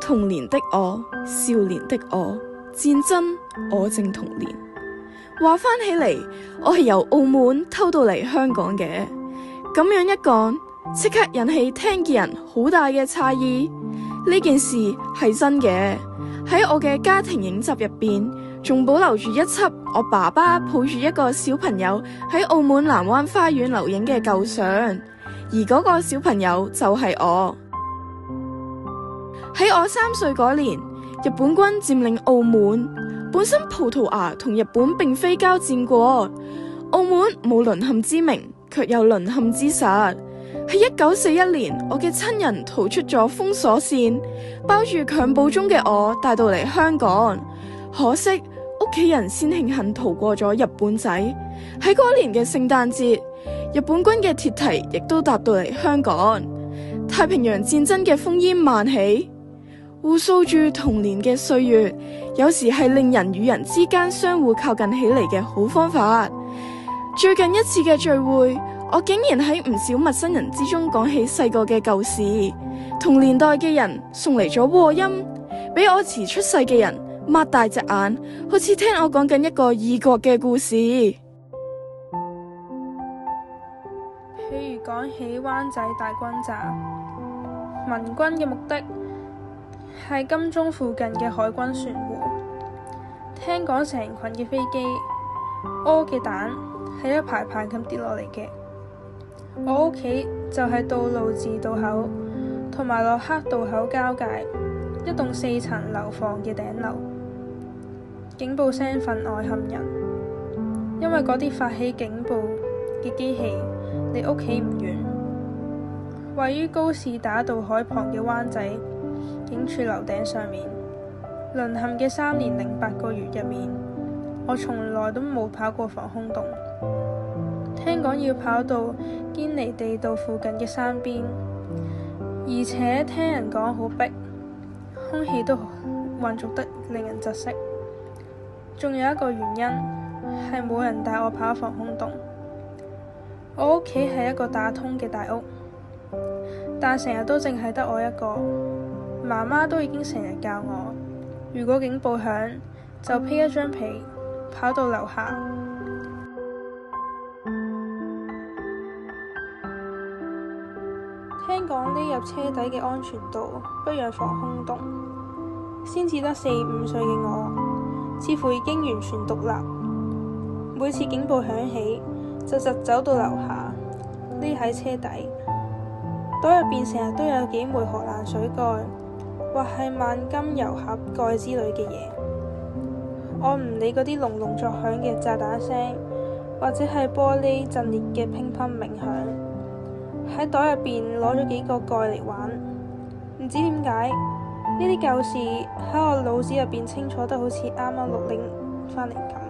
童年的我，少年的我，戰爭，我正童年。話翻起嚟，我係由澳門偷渡嚟香港嘅。咁樣一講，即刻引起聽見人好大嘅詫異。呢件事係真嘅，喺我嘅家庭影集入面，仲保留住一輯我爸爸抱住一個小朋友喺澳門南灣花園留影嘅舊相，而嗰個小朋友就係我。喺我三歲嗰年，日本軍佔領澳門。本身葡萄牙同日本並非交戰過，澳門冇淪陷之名，卻有淪陷之實。喺一九四一年，我嘅親人逃出咗封鎖線，包住襁褓中嘅我帶到嚟香港。可惜屋企人先慶幸逃過咗日本仔。喺嗰年嘅聖誕節，日本軍嘅鐵蹄亦都踏到嚟香港。太平洋戰爭嘅烽煙漫起。互訴住童年嘅歲月，有時係令人與人之間相互靠近起嚟嘅好方法。最近一次嘅聚會，我竟然喺唔少陌生人之中講起細個嘅舊事，同年代嘅人送嚟咗和音，俾我遲出世嘅人擘大隻眼，好似聽我講緊一個異國嘅故事。譬如講起灣仔大軍站，民軍嘅目的。係金鐘附近嘅海軍船塢，聽講成群嘅飛機、屙嘅蛋，喺一排排咁跌落嚟嘅。我屋企就係道路至道口同埋洛克道口交界，一棟四層樓房嘅頂樓，警報聲分外撼人。因為嗰啲發起警報嘅機器，離屋企唔遠，位於高士打道海旁嘅灣仔。警署樓頂上面，淪陷嘅三年零八個月入面，我從來都冇跑過防空洞。聽講要跑到堅尼地道附近嘅山邊，而且聽人講好逼，空氣都渾濁得令人窒息。仲有一個原因，係冇人帶我跑防空洞。我屋企係一個打通嘅大屋，但成日都淨係得我一個。媽媽都已經成日教我，如果警報響，就披一張被，跑到樓下。聽講匿入車底嘅安全度不若防空洞，先至得四五歲嘅我，似乎已經完全獨立。每次警報響起，就疾走到樓下匿喺車底，袋入邊成日都有幾枚荷蘭水蓋。或係萬金油盒蓋之類嘅嘢，我唔理嗰啲隆隆作響嘅炸彈聲，或者係玻璃震裂嘅乒乓鳴鳴響。喺袋入邊攞咗幾個蓋嚟玩，唔知點解呢啲舊事喺我腦子入邊清楚得好似啱啱錄影返嚟噉。